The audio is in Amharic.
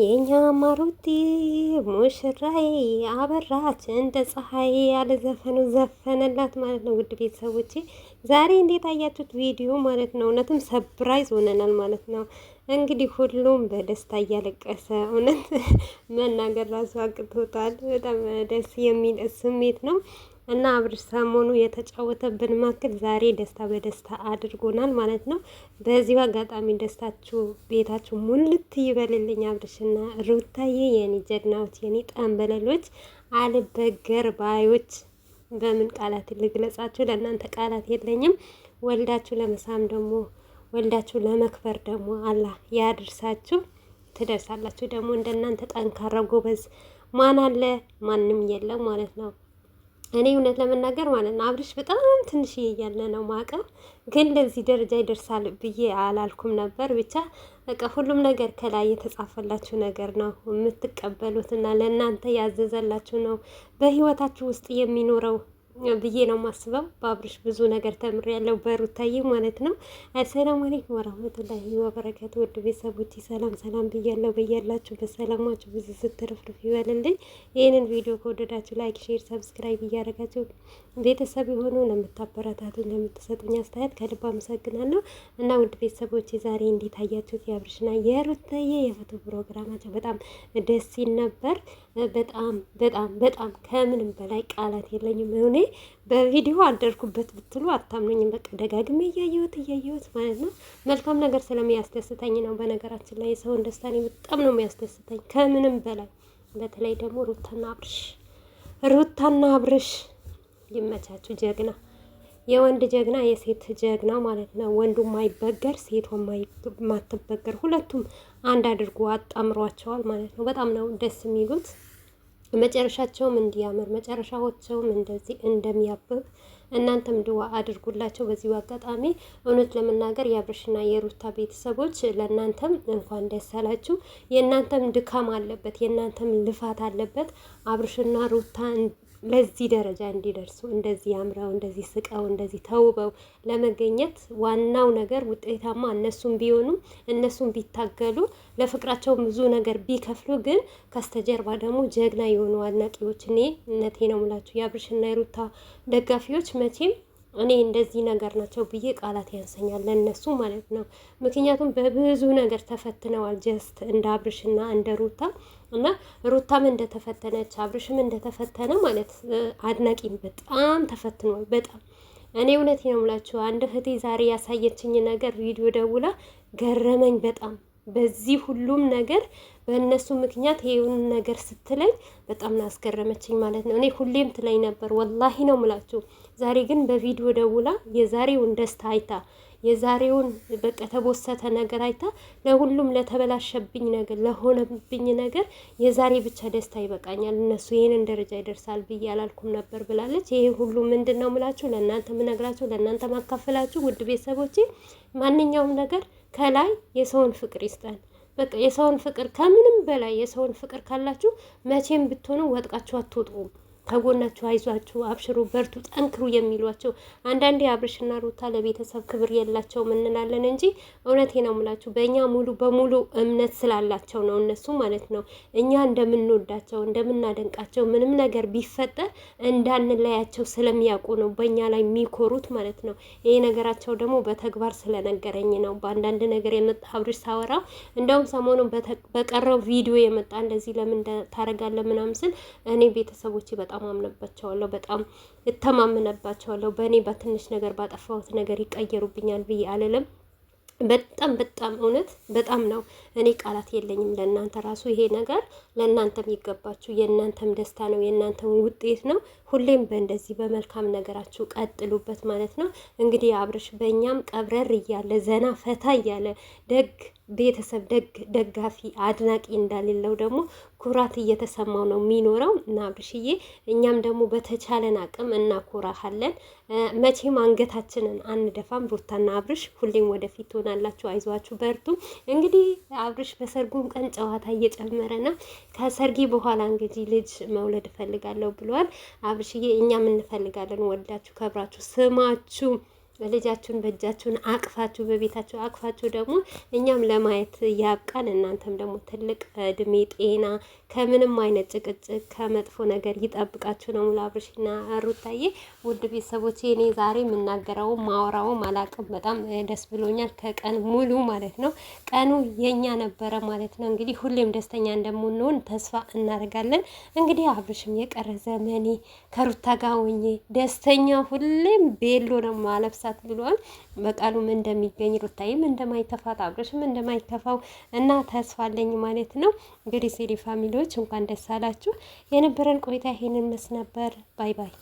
የእኛ ማሩቲ ሙሽራዬ አበራች እንደ ፀሐይ ያለ ዘፈኑ ዘፈነላት ማለት ነው። ውድ ቤተሰቦቼ ዛሬ እንዴት አያችሁት ቪዲዮ ማለት ነው? እውነትም ሰብራይዝ ሆነናል ማለት ነው። እንግዲህ ሁሉም በደስታ እያለቀሰ እውነት መናገር ራሱ አቅቶታል። በጣም ደስ የሚል ስሜት ነው። እና አብርሽ ሰሞኑ የተጫወተብን ማክል ዛሬ ደስታ በደስታ አድርጎናል ማለት ነው። በዚሁ አጋጣሚ ደስታችሁ ቤታችሁ ሙልት ይበልልኝ። አብርሽና ሩታዬ የኔ ጀግናዎች፣ የኔ ጠንበለሎች፣ አልበገር ባዮች በምን ቃላት ልግለጻችሁ? ለእናንተ ቃላት የለኝም። ወልዳችሁ ለመሳም ደግሞ ወልዳችሁ ለመክበር ደግሞ አላህ ያድርሳችሁ። ትደርሳላችሁ ደግሞ እንደናንተ ጠንካራ ጎበዝ ማን አለ? ማንም የለም ማለት ነው። እኔ እውነት ለመናገር ማለት ነው አብርሽ በጣም ትንሽዬ እያለ ነው ማቀው፣ ግን ለዚህ ደረጃ ይደርሳል ብዬ አላልኩም ነበር። ብቻ በቃ ሁሉም ነገር ከላይ የተጻፈላችሁ ነገር ነው የምትቀበሉትና ለእናንተ ያዘዘላችሁ ነው በህይወታችሁ ውስጥ የሚኖረው ብዬ ነው ማስበው። በአብርሽ ብዙ ነገር ተምሬያለሁ፣ በሩታዬ ማለት ነው። አሰላሙ አለይኩም ወራህመቱላሂ ወበረከቱ። ውድ ቤተሰቦቼ ሰላም ሰላም ብያለሁ። በያላችሁ በሰላማችሁ ብዙ ስትርፍርፍ ይበልልኝ። ይህንን ቪዲዮ ከወደዳችሁ ላይክ፣ ሼር፣ ሰብስክራይብ እያደረጋችሁ ቤተሰብ የሆኑ ለምታበረታቱኝ፣ ለምትሰጡኝ አስተያየት ከልብ አመሰግናለሁ እና ውድ ቤተሰቦቼ ዛሬ እንዴት አያችሁት? የአብርሽና የሩታዬ የፎቶ ፕሮግራማቸው በጣም ደስ ሲል ነበር። በጣም በጣም በጣም ከምንም በላይ ቃላት የለኝም እኔ በቪዲዮ አደርኩበት ብትሉ አታምኑኝም። በቃ ደጋግሜ እያየሁት እያየሁት ማለት ነው። መልካም ነገር ስለሚያስደስተኝ ነው። በነገራችን ላይ የሰውን ደስታ እኔ በጣም ነው የሚያስደስተኝ ከምንም በላይ በተለይ ደግሞ ሩታና አብርሽ ሩታና አብርሽ ይመቻችሁ። ጀግና የወንድ ጀግና የሴት ጀግና ማለት ነው። ወንዱ ማይበገር ሴቷ ማትበገር ሁለቱም አንድ አድርጎ አጣምሯቸዋል ማለት ነው። በጣም ነው ደስ የሚሉት። መጨረሻቸውም እንዲያምር መጨረሻዎቸውም እንደዚህ እንደሚያብብ እናንተም ድዋ አድርጉላቸው። በዚሁ አጋጣሚ እውነት ለመናገር የአብርሽና የሩታ ቤተሰቦች ለእናንተም እንኳን ደስ አላችሁ። የእናንተም ድካም አለበት፣ የእናንተም ልፋት አለበት። አብርሽና ሩታ ለዚህ ደረጃ እንዲደርሱ እንደዚህ አምረው እንደዚህ ስቀው እንደዚህ ተውበው ለመገኘት ዋናው ነገር ውጤታማ እነሱም ቢሆኑም እነሱም ቢታገሉ ለፍቅራቸው ብዙ ነገር ቢከፍሉ፣ ግን ከስተጀርባ ደግሞ ጀግና የሆኑ አድናቂዎች እኔ እነቴ ነው የምላችሁ የአብርሽና የሩታ ደጋፊዎች መቼም እኔ እንደዚህ ነገር ናቸው ብዬ ቃላት ያንሰኛል ለእነሱ ማለት ነው። ምክንያቱም በብዙ ነገር ተፈትነዋል። ጀስት እንደ አብርሽና እንደ ሩታ እና ሩታም እንደተፈተነች አብርሽም እንደተፈተነ ማለት አድናቂም በጣም ተፈትኗል። በጣም እኔ እውነት ነው የምላችሁ አንድ እህቴ ዛሬ ያሳየችኝ ነገር ቪዲዮ ደውላ ገረመኝ በጣም በዚህ ሁሉም ነገር በእነሱ ምክንያት ይሄውን ነገር ስትለኝ በጣም ነው ያስገረመችኝ ማለት ነው። እኔ ሁሌም ትለኝ ነበር ወላሂ ነው ምላችሁ። ዛሬ ግን በቪዲዮ ደውላ የዛሬውን ደስታ አይታ የዛሬውን በቃ ተቦሰተ ነገር አይታ ለሁሉም ለተበላሸብኝ ነገር ለሆነብኝ ነገር የዛሬ ብቻ ደስታ ይበቃኛል፣ እነሱ ይህንን ደረጃ ይደርሳል ብዬ አላልኩም ነበር ብላለች። ይሄ ሁሉ ምንድን ነው ምላችሁ ለእናንተ ምነግራችሁ ለእናንተ ማካፈላችሁ ውድ ቤተሰቦቼ፣ ማንኛውም ነገር ከላይ የሰውን ፍቅር ይስጣል። በቃ የሰውን ፍቅር ከምንም በላይ የሰውን ፍቅር ካላችሁ መቼም ብትሆኑ ወጥቃችሁ አትወጡም። ከጎናችሁ አይዟችሁ፣ አብሽሩ፣ በርቱ፣ ጠንክሩ የሚሏቸው አንዳንዴ አብርሽና ሩታ ለቤተሰብ ክብር የላቸውም እንላለን እንጂ እውነቴ ነው የምላችሁ በእኛ ሙሉ በሙሉ እምነት ስላላቸው ነው እነሱ ማለት ነው። እኛ እንደምንወዳቸው እንደምናደንቃቸው፣ ምንም ነገር ቢፈጠር እንዳንለያቸው ስለሚያውቁ ነው በእኛ ላይ የሚኮሩት ማለት ነው። ይሄ ነገራቸው ደግሞ በተግባር ስለነገረኝ ነው። በአንዳንድ ነገር የመጣ አብርሽ ሳወራው እንደውም ሰሞኑ በቀረው ቪዲዮ የመጣ እንደዚህ ለምን ታረጋለ ምናምን ስል እኔ ቤተሰቦች በጣም በጣም አምነባቸዋለሁ፣ በጣም እተማመነባቸዋለሁ። በእኔ በትንሽ ነገር ባጠፋሁት ነገር ይቀየሩብኛል ብዬ አልልም። በጣም በጣም እውነት በጣም ነው። እኔ ቃላት የለኝም ለእናንተ ራሱ ይሄ ነገር ለእናንተም ይገባችሁ፣ የእናንተም ደስታ ነው፣ የእናንተም ውጤት ነው። ሁሌም በእንደዚህ በመልካም ነገራችሁ ቀጥሉበት ማለት ነው። እንግዲህ አብርሽ በእኛም ቀብረር እያለ ዘና ፈታ እያለ ደግ ቤተሰብ ደጋፊ አድናቂ እንዳሌለው ደግሞ ኩራት እየተሰማው ነው የሚኖረው። እና አብርሽዬ እኛም ደግሞ በተቻለን አቅም እናኮራሃለን። መቼም አንገታችንን አንደፋም። ሩታና አብርሽ ሁሌም ወደፊት ትሆናላችሁ። አይዟችሁ፣ በርቱ። እንግዲህ አብርሽ በሰርጉም ቀን ጨዋታ እየጨመረ ነው። ከሰርጌ በኋላ እንግዲህ ልጅ መውለድ እፈልጋለሁ ብለዋል። አብርሽዬ እኛም እንፈልጋለን። ወልዳችሁ ከብራችሁ ስማችሁ ልጃችሁን በእጃችሁን አቅፋችሁ በቤታችሁ አቅፋችሁ ደግሞ እኛም ለማየት ያብቃን። እናንተም ደግሞ ትልቅ እድሜ፣ ጤና ከምንም አይነት ጭቅጭቅ ከመጥፎ ነገር ይጠብቃችሁ ነው ሙሉ አብርሽና ሩታዬ። ውድ ቤተሰቦች እኔ ዛሬ የምናገረው ማወራው አላቅም። በጣም ደስ ብሎኛል። ከቀን ሙሉ ማለት ነው ቀኑ የኛ ነበረ ማለት ነው። እንግዲህ ሁሌም ደስተኛ እንደምንሆን ተስፋ እናደርጋለን። እንግዲህ አብርሽም የቀረ ዘመኔ ከሩታ ጋር ሆኜ ደስተኛ ሁሌም ቤሎ ነው ማለብሳ ያስታውሳት ብሏል። በቃሉም እንደሚገኝ ሩታይም እንደማይከፋት አብረሽም እንደማይከፋው እና ተስፋ አለኝ ማለት ነው። እንግዲህ ሲሪ ፋሚሊዎች እንኳን ደስ አላችሁ። የነበረን ቆይታ ይሄንን መስ ነበር። ባይ ባይ